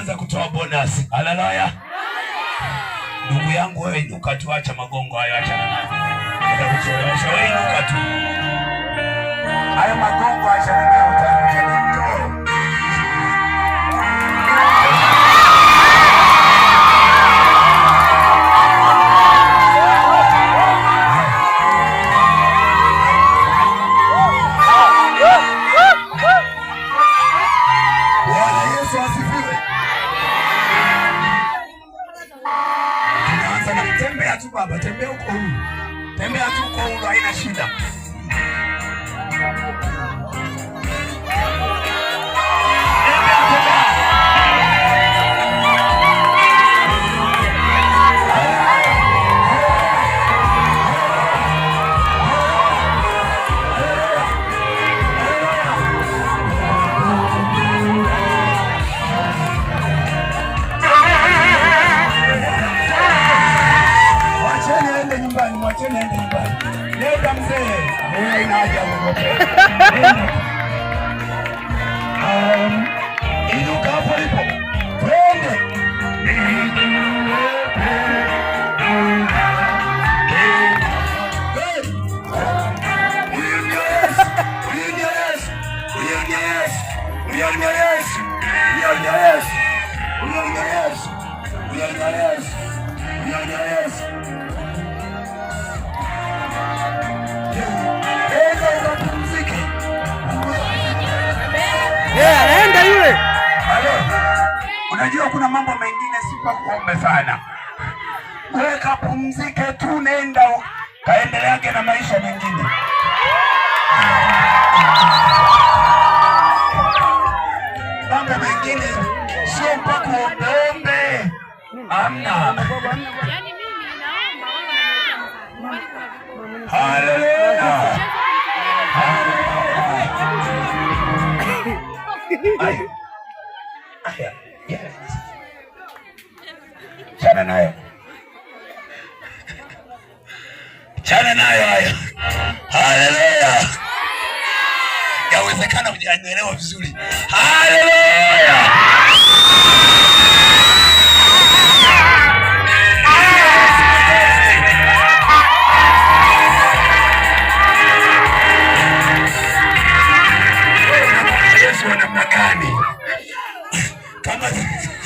anaanza kutoa bonus. Haleluya! Ndugu yangu wewe, inuka tu, acha magongo hayo, acha na nani atakuchelewesha. Wewe inuka tu hayo tembea tu baba, tembea uko huru, tembea tu uko huru, We Um, We are the We are the We are the Najua kuna mambo mengine kuombe sana, weka pumzike tu, nenda kaendeleake na maisha mengine. Mambo mengine sio kuombeombe, amna. Haleluya! chana nayo, chana nayo hayo. Haleluya! Yawezekana hujanielewa vizuri. Haleluya! Yesu wa namna gani? kama